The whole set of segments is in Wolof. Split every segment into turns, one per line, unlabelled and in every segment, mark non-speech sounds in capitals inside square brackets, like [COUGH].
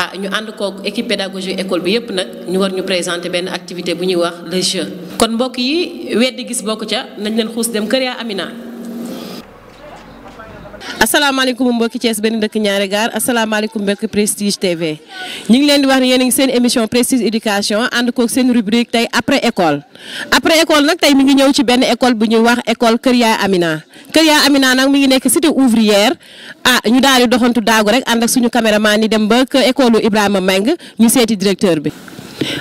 ah ñu ànd kook équipe pédagogique école bi yëpp nag ñu war ñu présenter benn activité bu ñuy wax le jeu kon mbokk yi weddi gis bokk ca nañ leen xuus dem kër yaa Amina asalaamaaleykum mbokki Thiès benn dëkk ñaari gaar asalaamaaleykum mbokki Prestige TV ñi ngi leen di wax ne yéen a ngi seen émission Prestige éducation ànd koog seen rubrique tey après école après école nag tey mi ngi ñëw ci benn école bu ñuy wax école Kër Yaay Amina Kër Yaay Amina nag mi ngi nekk cité ouvrière ah ñu daal di doxantu daagu rek ànd ak suñu maa ni dem ba kër école Ibrahima Meng ñu seeti directeur bi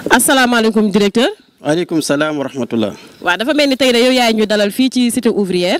asalaamaaleykum directeur.
waaleykum salaam wa rahmatulah.
waaw dafa mel ni tey de yow yaay ñu dalal fii ci cité ouvrière.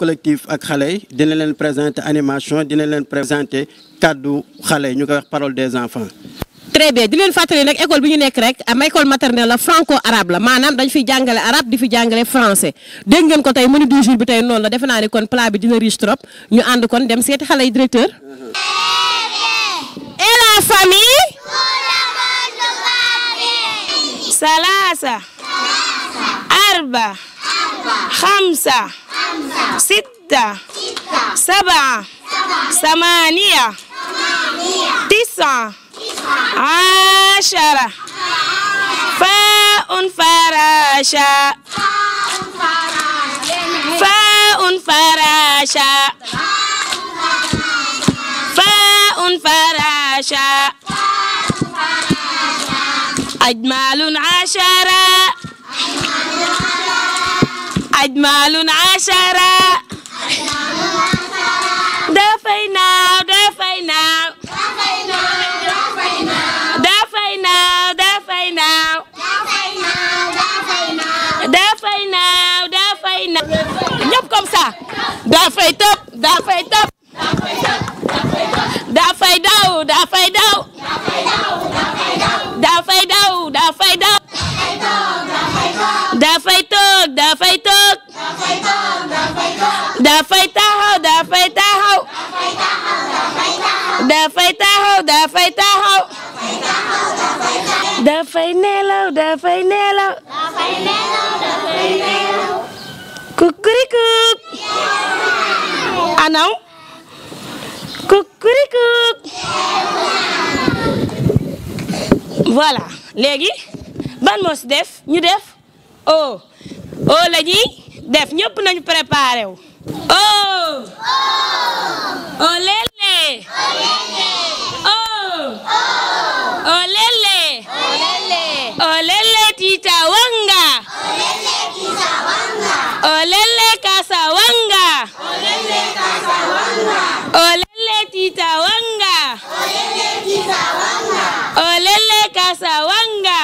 collectif ak xale présenter animation dina len présenter parole des enfants.
très bien di len faire nak école bi ñu maternelle franco arabe la manam dañ fi jàngalé arabe di fi français de ngeen ko jour bi tay non la def plat bi dina riche trop ñu and kon dem directeur. et
la famille. arba. Hamsa خمسة ستة ستة سبعة ثمانية تسعة عشرة فاء فراشة فاء فراشة فاء فراشة أجمل عشرة أجمل عشرة دفينا دفينا دفينا دفينا دفينا دفينا دفينا دفينا ñëpp comme ça dafay tëb dafay tëb dafay daw dafay daw dafay daw dafay daw dafay taxaw dafay taxaw dafay taxaw dafay taxaw dafay nelaw dafay nelaw kukurikuk anaw kukurikuk voilà léegi ban mos def ñu def o o la def ñëpp nañu préparé wu. Oh! oh. oh lele. oh. oh lele. oh lele tita wanga. oh lele kasa wanga. oh lele tita wanga. oh lele kasa wanga.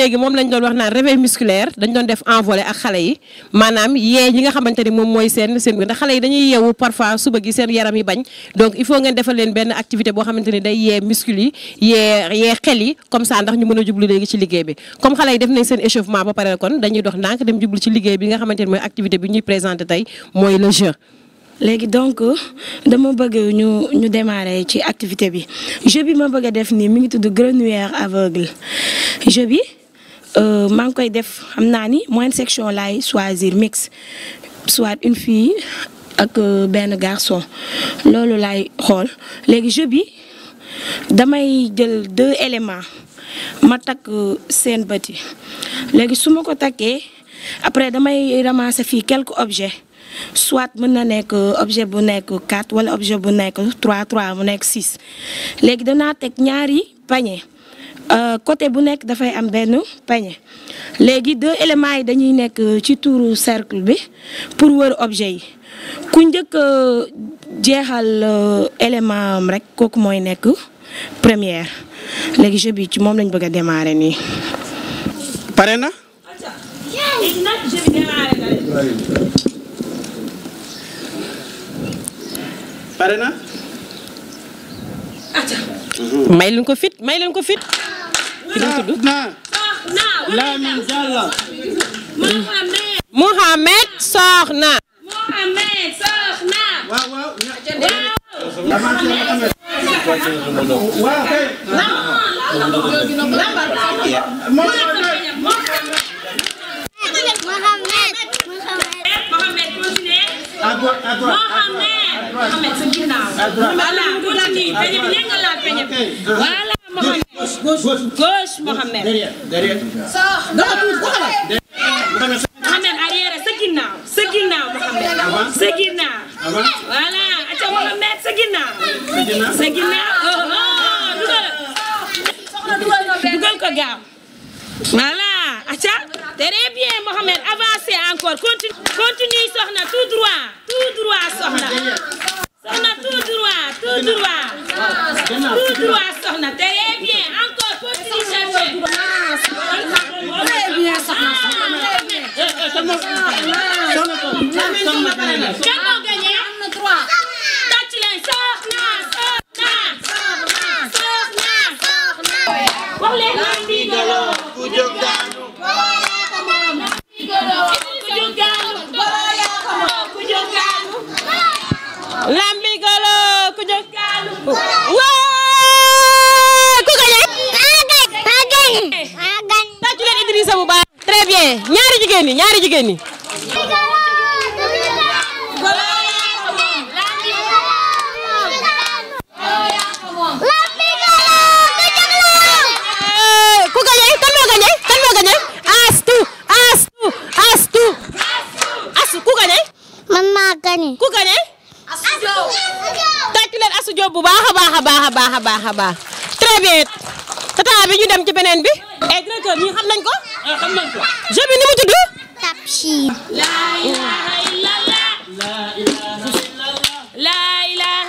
léegi mom lañ doon wax na réveil musculaire dañ doon def envolé ak xalé yi manam yé yi nga xamante mom moy sen sen seen ndax xalé yi dañuy yewu parfois suba gi sen yaram yi bañ donc il faut ngeen defal leen benn activité bo xamante day yé muscule yi yé yé xel yi comme ça ndax ñu mëna a jublu léegi ci liggéey bi comme xalé yi def nañ sen échauffement ba paré kon dañuy dox ndànk dem jublu ci liggéey bi nga xamante moy activité bi ñuy présenté tay moy le jeu
léegi donc dama bëgg ñu ñu démarrer ci activité bi jeu bi ma bëgg def ni mi ngi tudd grenouillère aveugle jeu bi Euh, maa ngi koy def xam naa ni moyenne section laay choisir mix soit une fille ak euh, benn garçon loolu laay xool léegi jeu bi damay jël deux éléments ma takk euh, seen bët yi léegi su ma ko takkee après damay ramasser fii quelque objet soit mën na nekk objet bu nekk 4 wala objet bu nekk 3 3 mu nekk 6 léegi danaa teg ñaari panier Euh, côté bu nekk dafay am benn panier léegi deux éléments yi dañuy nekk euh, ci tuuru cercle bi pour wër objet yi ku njëkk euh, jeexal élément am rek kooku mooy nekk première léegi jeu bi ci moom lañ bëgg a démarrer nii. pare na.
pare na.
may leen ko fit may leen ko fit. Lamine Diallo Mohamed Sokhna
Mohamed Sokhna waaw waaw Mohamed Mohamed Mohamed gauche
gauche Mohamed. derrière derrière.
soo doxal tuuti
doxal.
Mohamed arrière sa ginnaaw sa ginnaaw Mohamed. sa ginnaaw. voilà aca Mohamed sa ginnaaw. sa ginnaaw oh, oh, ah. dugal ko gaaw. voilà aca très bien Mohamed avancez encore continue. a baax a baax très
bi ñu dem ci beneen bi. ay eh, directeur xam nañ ko. Ah, xam ni mu tudd. Tabchir. la ilaha illallah.
la ilaha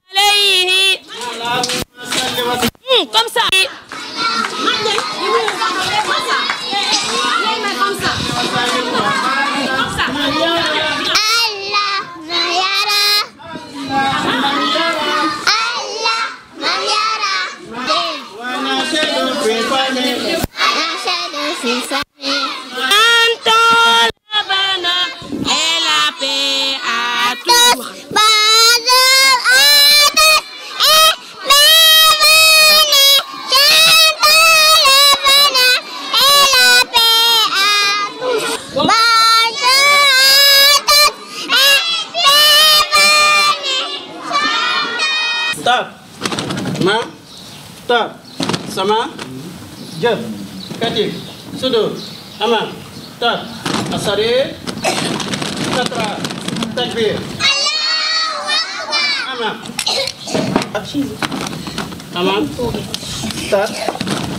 Naam Tat Asare Tatra Takbir Allah
Allah Allah Tat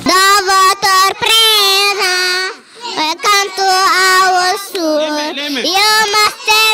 Da votor presa Canto ao sul
E uma cena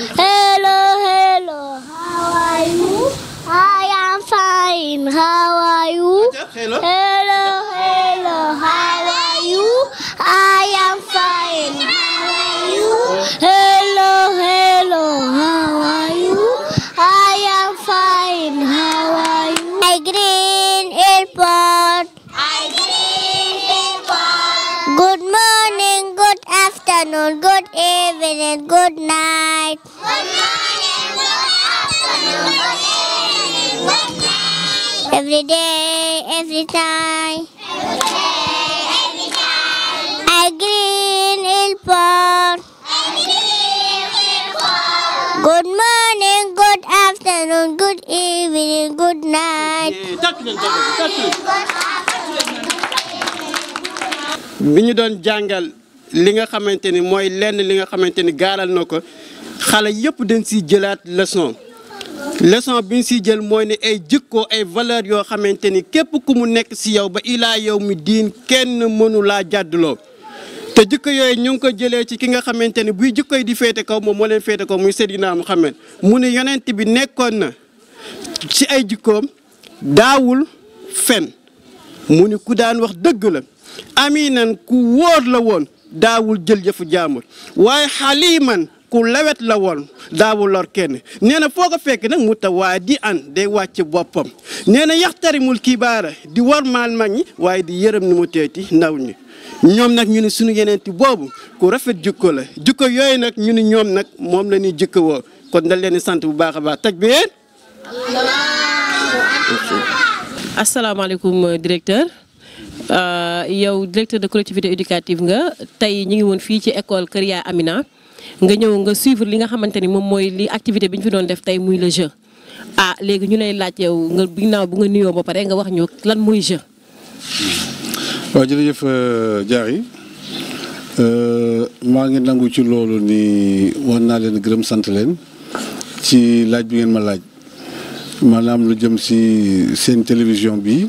Hello, hello. How are you? I am fine. How are you? Hello.
good evening good night. Good morning, good afternoon, good evening, good night. Every day, every time. Every day, every time. A green hill pot. Good morning, good afternoon, good evening, good night.
bi ñu doon jàngal li nga xamante ni mooy lenn li nga xamante ni gaaral na ko xale yëpp dañ siy jëlaat leçon leçon bi ñu siy jël mooy ne ay jikko ay valeur yoo xamante ni képp ku mu nekk si yow ba ilaa yow mi diin kenn mënu laa jàdduloo te jikko yooyu ñu ngi ko jëlee ci ki nga xamante ni buy jikko yi di féete kaw moom moo leen féete kaw muy Seydina Muhammad mu ne yonent bi nekkoon na ci ay jikkoom daawul fen mu ni ku daan wax dëgg la aminan ku wóor la woon daawul jël jëfu jaamur waaye xaliman ku lawet la woon daawul lor kenn nee na foo ko fekk nag mu tawaa di an day wàcc boppam nee na yaxtarimul kibaara di war maal mag ñi waaye di yërëm ni mu teeti ndaw ñi ñoom nag ñu ne suñu yeneenti boobu ku rafet jukko la jukko yooyu nag ñu ni ñoom nag moom la ñuy jukko woo kon dañ leen sant bu baax a baax taj bi yéen
asalaamaaleykum directeur Eh, yow directeur de collectivité éducative nga tay ñi ngi woon fi ci école Kriya Amina nga ñew nga suivre li nga xamanteni mom moy li activité biñ fi doon def tay muy le jeu ah légui ñu lay laaj yow nga ginaaw bu nga nuyo ba paré nga wax ñu lan muy jeu.
waaw jërëjëf jaari euh, euh ma ngi nangu ci loolu ni won na leen gërëm sant leen ci laaj bi ngeen ma laaj manam lu jëm si sen télévision bi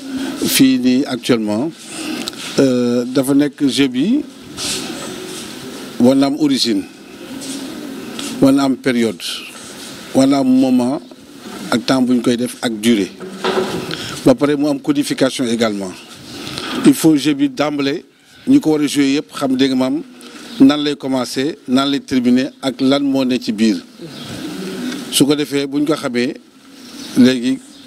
Fini actuellement euh, dafa que j'ai bi war am origine war am période war am moment ak temps bu koy def ak durée ba pare mu am codification également il faut j'ai vu d'emblée nous ko war a jouer yëpp xam dégg maam nan lay commencer nan les tribunaux ak lan moo ne ci biir su ko defee bu ñu ko xamee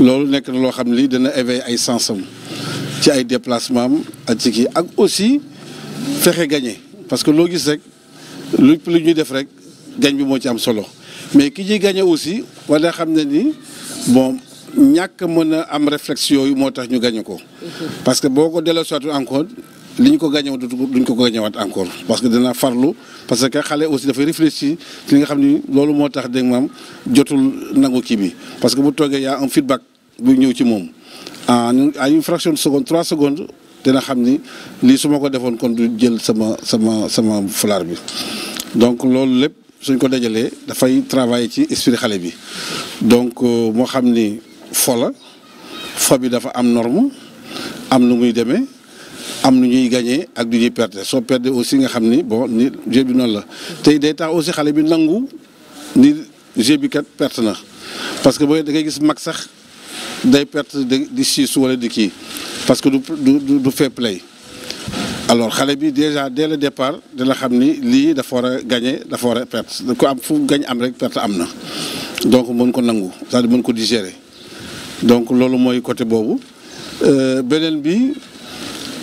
lolu nek na loo xam ne dana éveiller ay sens ci ay déplacement am ak ci kii ak aussi fexé gagner parce que lo gis rek lu lu ñuy def rek gagn bi mo ci am solo mais ki ci gagner aussi wala xamné ni bon ñak mëna am réflexion yu motax ñu gagner ko. Mhm. parce que boko délo delloo encore liñ ko ko gàññewoon duñ ko wat encore parce que dina farlu parce que xalé aussi dafay réfléchir ci nga xamni lolu mo tax dégg mam jotul nangu ki bi parce que bu toogee ya un feedback bu ñëw ci mom en à une fraction de seconde 3 secondes dina xamni li suma ko defoon kon du jël sama sama sama fulaar bi donc lolu lepp suñ ko da fay travailler ci esprit xalé bi donc euh, mo xamni fo la fo bi dafa am norme am lu muy démé am nu ñuy gagner ak du ñuy perdre so perdre aussi nga xamni ni bon ni jeu bi non la tey day tax aussi xalé bi nangu ni jeu bi kat perte na parce que boy da ngay gis mak sax day perte di siis wala di ki parce que du du du fair play alors xalé bi déjà dès le départ dina xam ni lii dafa war gagner da dafa war a perte ko am fu gañ am rek perte amna donc mën ko nangu c'est-à-dire mën ko digérer donc lolu moy côté bobu euh benen bi.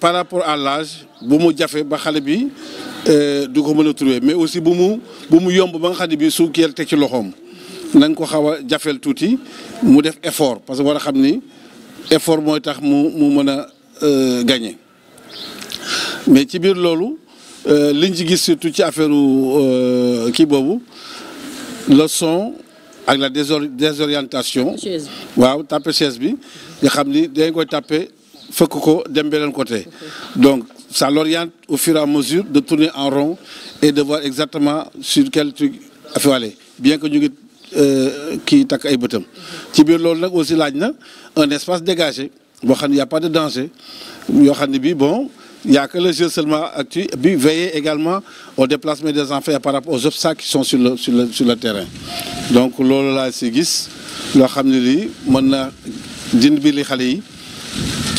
par rapport à l'âge bu mu jafe ba xale bi euh, du ko mën trouver mais aussi bu mu bu mu yomb ba nga xam ne bi su keel ci loxoom na ko xawa a touti mu def effort parce que war xamni effort moy tax mu mu mën a euh, gagner mais ci bir lolu euh liñ ci gis surtout ci affaire euh, kii boobu le son avec la désorientation waaw tapé chaise bi nga xamni ni dañ koy tapé côté donc ça l'oriente au fur et à mesure de tourner en rond et de voir exactement sur quel truc il faut aller bien que nous ngi qui euh, takk ay bëtam ci biir aussi un espace dégagé Il n'y a pas de danger bon il y a que le jeu seulement à tuer. veiller également au déplacement des enfants par rapport aux obstacles qui sont sur le sur le sur le terrain donc c'est ce que gis loo xam Nous veux dire que dind bi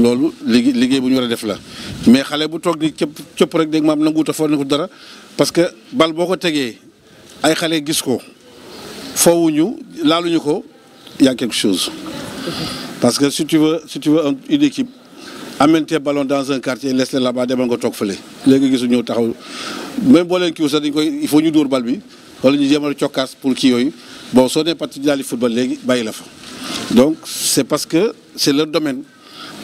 loolu liggéey liggéey bu ñu def la mais xalé bu tok di ciop rek deg dégg maam nanguut a foog dara parce que bal boko ko ay xalé gis ko foowuñu laaluñu ko y a quelque chose. parce que si tu veux si tu veux une équipe amène tes ballons dans un quartier laisse-les là-bas demal nga tok fële léegi gisu ñëw taxaw même boo leen kiiw sax dañ koy il faut ñu dóor bal bi wala ñu jéem ciokas pour qui, yoy bon soo nee parti d'aller football les bayila fa donc c'est parce que c'est leur domaine.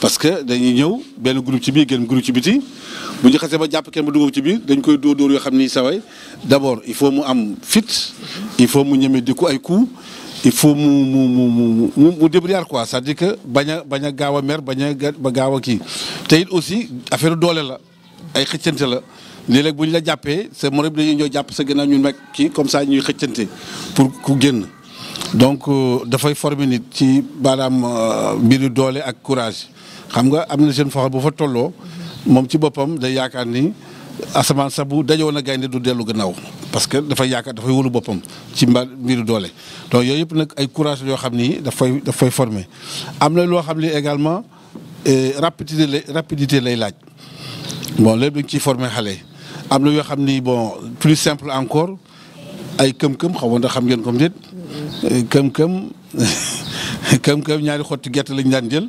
parce que dañuy ñëw groupe ci groupe ba pas ci dañ koy il faut mu am fit il faut mu il faut mu mu mu mu c'est-à-dire que baña a gawa aussi affaire doole la ay la la comme ça ñuy pour ku donc euh, fay former nit ci euh, courage xam nga am na jeune foo bu fa tolloo moom ci boppam day yaakaar ni asamaan sax bu dajoon a gaynde du dellu gannaaw parce que dafay yaakaar dafay wóolu boppam ci mba mbiru doole donc yooyu yëpp nag ay courage yoo xam ni daf fay daf fay former am na loo xam ni également eh, rapidité lay rapidité lay laaj bon lépp dañ ciy former xale am na yoo xam ni bon plus simple encore ay këm-këm xaw xam ngeen comme déet eh, këm-këm [LAUGHS] këm-këm ñaari xotti gerte lañ daan jël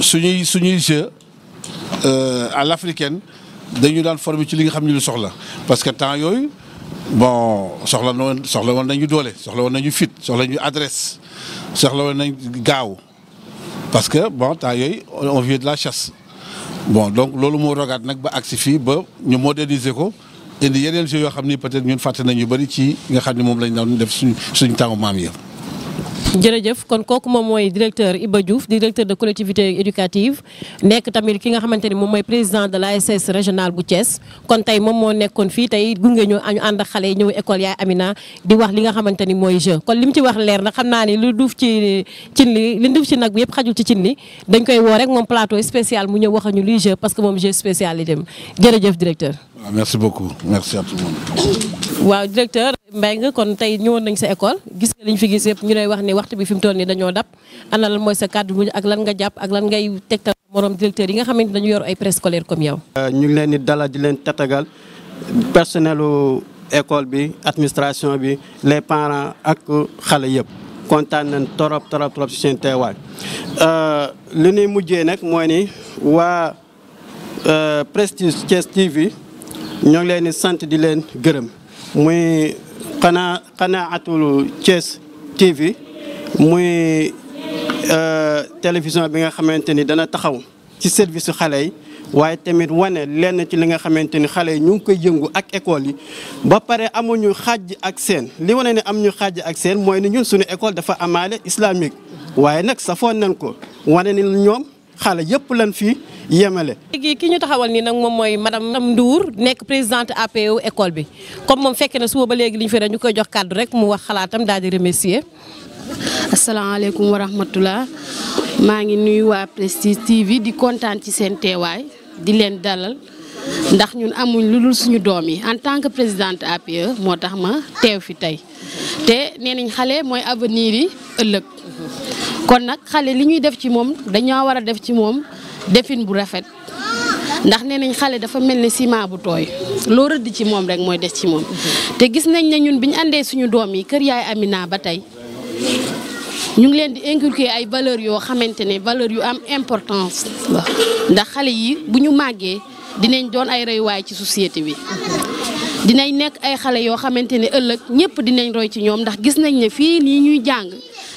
suñuy suñuy jeu euh, à l'africaine dañu daan formé ci li nga xamni lu soxla parce que temps yoy bon soxla non soxla won nañu dolé soxla won nañu fit soxla ñu adresse soxla won nañ gaaw parce que bon temps yoy on vient de la chasse bon donc lolu mo rogat nak ba agsi fi ba ñu moderniser ko indi yeneen ci yo xamni peut-être ñun faté nañu bari ci nga xamni mom moom lañ doon def suñ suñu tàngu mam yi
jërëjëf kon kooku mom moy directeur Iba Diouf directeur de collectivité éducative nek tamit ki nga xamanteni mom moy président de l'ASS régional bu Thiès kon tey moom moo nekkoon fii tey gunge ñu añu ànd ak ñëw école yaay Amina di wax li nga xamanteni moy jeu kon lim ci wax leer na xamna ni lu duuf ci cin li duuf ci nak yépp xaju ci cin dañ koy wo rek mom plateau spécial mu ñëw wax ñu jeu parce que mom jeu spécial itam jërëjëf directeur.
merci beaucoup merci à tout le monde.
waaw directeur mbay nga kon tey ñëwoon nañ sa école gis nga fi gis yëpp ñu lay wax ni waxtu bi fi mu toll nii dañoo dab ana lan mooy sa kàddu bu ak lan nga jàpp ak lan ngay tegtal moroom directeur yi nga xamante dañu yor ay préscolaire comme yow.
Euh, ñu ngi leen di dalal di leen tatagal personnelu école bi administration bi les parent ak xale yëpp kontaan nañ torop torop torop si seen teewaay euh, li ñuy mujjee nag mooy ni waa euh, Prestige Thiès TV ñoo ngi leen sant di leen gërëm. muy xanaa xanaatul Thiès TV muy euh, télévision bi nga xamante ni dana taxaw ci service xale yi waaye tamit wane lenn ci li nga xamante ni xale yi ñu ngi koy yëngu ak école yi ba pare amuñu xaj ak seen li wane ne am ñu xaaj ak seen mooy ni ñun suñu école dafa amaale islamique waaye nag safoon nañ ko wane ni ñoom. xale yëpp lan fi yemale.
léegi ki ñu taxawal nii nag moom mooy madame Ndour nekk présidente APO e école bi comme moom fekkee na suba ba léegi li ñu fi ñu koy jox
kàddu rek mu wax xalaatam daal di remercier. asalaamaaleykum wa rahmatulah maa ngi nuyu waa Prestige TV di kontaan ci seen teewaay di leen dalal. ndax ñun amuñ lu dul suñu doom yi en tant que présidente APE moo tax ma teew fi tey te nee xale mooy avenir yi ëllëg kon nag xale li ñuy def ci moom dañoo war a def ci moom defin bu rafet ndax nee nañ xale dafa mel ni ciment bu tooy loo rëdd ci moom rek mooy des ci moom. te gis nañ ne ñun bi ñu àndee suñu doom yi kër yaay Amina ba tey ñu ngi leen di inculquer ay valeurs yoo xamante ne valeurs yu am importance la ndax xale yi bu ñu màggee dinañ doon ay royuwaay ci société bi. dinañ nek ay xalé yo xamanteni ne dinañ roy ci ñom ndax gis nañ ne fi valeurs ñuy jàng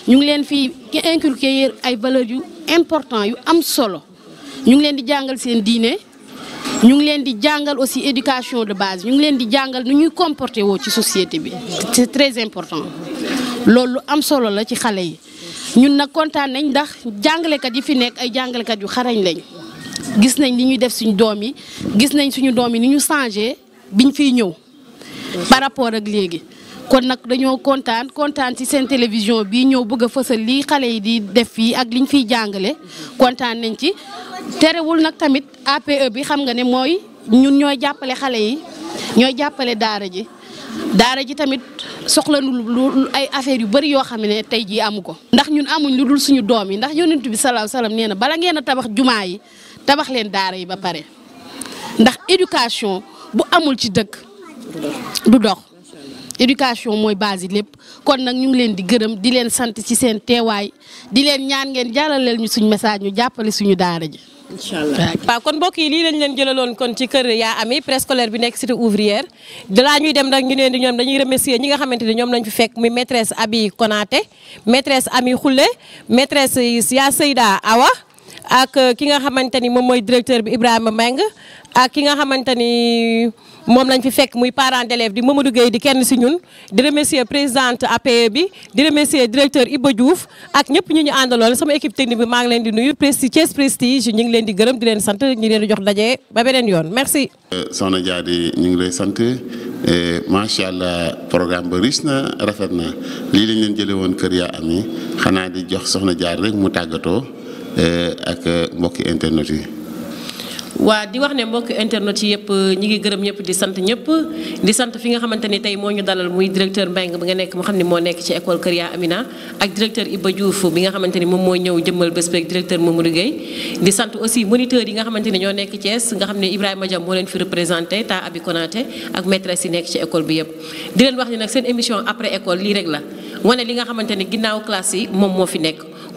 ñu ngi leen fi inculquer ay valeurs yu important yu am solo ñu ngi leen di jàngal seen Nous ñu di aussi éducation de base ñu ngi di jàngal nu ñuy comporter wo société c'est très important loolu am solo la ci xalé yi ñun nak nañ ndax kat yi fi nek ay valeurs yu xarañ lañ gis nañ li ñuy def suñu doom gis nañ suñu biñ fi ñëw par rapport ak léegi kon nag dañoo kontaan kontaan ci seen télévision bi ñëw bëgg a fësal lii xale yi di def fii ak liñ fiy jàngale kontaan nañ ci terewul nag tamit APE bi xam nga ne mooy ñun ñooy jàppale xale yi ñooy jàppale daara ji daara ji tamit soxla nu lu ay affaires yu bari yoo xam ne tey jii amu ko ndax ñun amuñ lu dul suñu doom yi ndax yonent bi salaahu salaam nee na bala ngeen a tabax jumaa yi tabax leen daara yi ba pare ndax éducation. bu amul ci dëkk du dox éducation mooy base yi lépp kon nag ñu ngi leen di gërëm di leen sant ci seen teewaay di leen ñaan ngeen jàllaleel ñu suñ message ñu jàppale suñu daara ji incha allah
waaw kon mbokk yi lii lañ leen jëlaloon kon ci kër yaa ami préscolaire bi nekk cité ouvrière dalaa ñuy dem nag ñu neen di ñoom dañuy remercier ñi nga xamante ni ñoom lañ fi fekk muy maîtresse Abi Konaté maîtresse Ami Khoule maîtresse Ya Seyda Awa ak euh, ki nga xamante ni moom mooy directeur bi Ibrahima Mbengue ak ki nga xamante ni moom lañ fi fekk muy parent d'élève di a Gueye di kenn si ñun di remercier présidente APE bi di remercier directeur Iba Diouf ak ñëpp ñu ñu àndaloon sama équipe technique bi maa ngi leen di nuyu Prestige Thiès Prestige ñu ngi leen di gërëm di leen sant ñu leen di jox daje ba beneen yoon merci.
Euh, Soxna Diady ñu ngi lay sant macha allah programme ba riche na rafet na lii lañ leen jëlee woon Kër Yaa xanaa di jox Soxna Diady rek mu tàggatoo. Eh, ak eh, mbokki internet yi.
waa di wax ne mbokk internet yi yëpp eh, ñi ngi gërëm ñëpp di sant ñëpp di sant fi nga xamante ni tey moo ñu dalal muy directeur Mbengue bi nga nekk mu xam ne moo nekk ci école Kër Ya Amina ak directeur Iba nga xamante ni moom mooy ñëw jëmmal bés beeg directeur Mamadou Gueye di sant aussi moniteurs yi nga xamante ni ñoo nekk Thiès nga xam ne Ibrahima Diam moo leen fi représenté ta Abi Konaté ak maîtresse yi nekk ci école bi yëpp di leen wax ne nag seen émission après école lii rek la wane li nga xamante ni ginnaaw classe yi moom moo fi nekk